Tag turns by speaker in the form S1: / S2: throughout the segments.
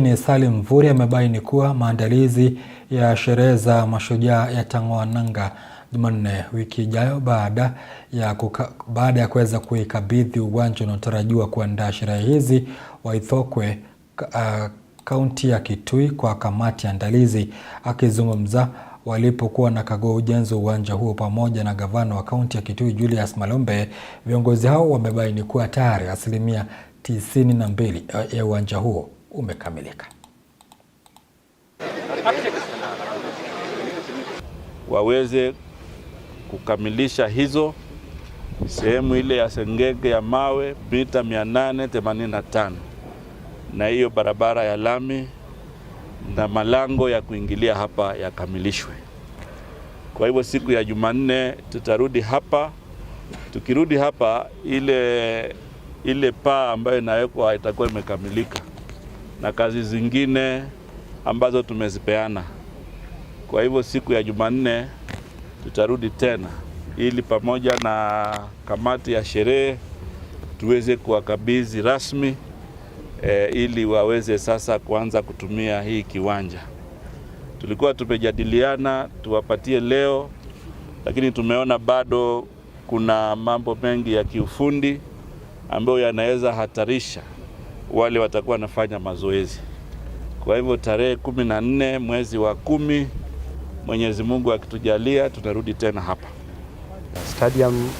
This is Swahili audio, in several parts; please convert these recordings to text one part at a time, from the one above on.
S1: Ni Salim Mvurya amebaini kuwa maandalizi ya sherehe za mashujaa yatang'oa nanga Jumanne wiki ijayo baada ya kuka, baada ya kuweza kuikabidhi uwanja unaotarajiwa kuandaa sherehe hizi wa uh, kaunti ya Kitui kwa kamati ya andalizi. Akizungumza walipokuwa na wanakagua ujenzi wa uwanja huo pamoja na gavana wa kaunti ya Kitui Julius Malombe, viongozi hao wamebaini kuwa tayari asilimia tisini na mbili e, ya uwanja huo umekamilika.
S2: Waweze kukamilisha hizo sehemu ile ya Sengege ya mawe mita 885 na hiyo barabara ya lami na malango ya kuingilia hapa yakamilishwe. Kwa hivyo siku ya Jumanne tutarudi hapa. Tukirudi hapa, ile ile paa ambayo inawekwa itakuwa imekamilika na kazi zingine ambazo tumezipeana. Kwa hivyo siku ya Jumanne tutarudi tena ili pamoja na kamati ya sherehe tuweze kuwakabidhi rasmi e, ili waweze sasa kuanza kutumia hii kiwanja. Tulikuwa tumejadiliana tuwapatie leo, lakini tumeona bado kuna mambo mengi ya kiufundi ambayo yanaweza hatarisha wale watakuwa wanafanya mazoezi. Kwa hivyo tarehe kumi na nne mwezi wa kumi, Mwenyezi Mungu akitujalia, tunarudi tena hapa
S3: stadium.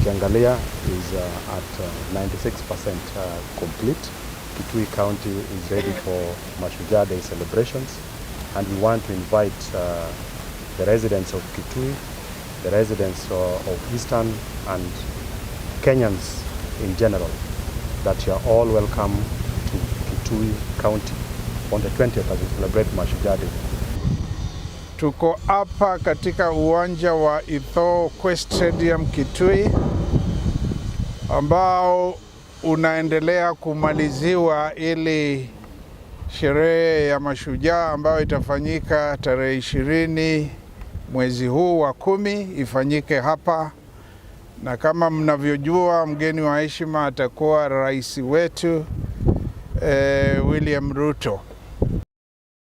S3: Ukiangalia is uh, at uh, 96% uh, complete. Kitui County is ready for Mashujaa Day celebrations and we want to invite uh, the residents of Kitui the residents uh, of Eastern and Kenyans in general that you are all welcome to Kitui County on the 20th as we celebrate Mashujaa Day.
S4: Tuko hapa katika uwanja wa Itho Quest Stadium Kitui ambao unaendelea kumaliziwa ili sherehe ya mashujaa ambayo itafanyika tarehe ishirini mwezi huu wa kumi ifanyike hapa na kama mnavyojua, mgeni wa heshima atakuwa rais wetu eh, William Ruto.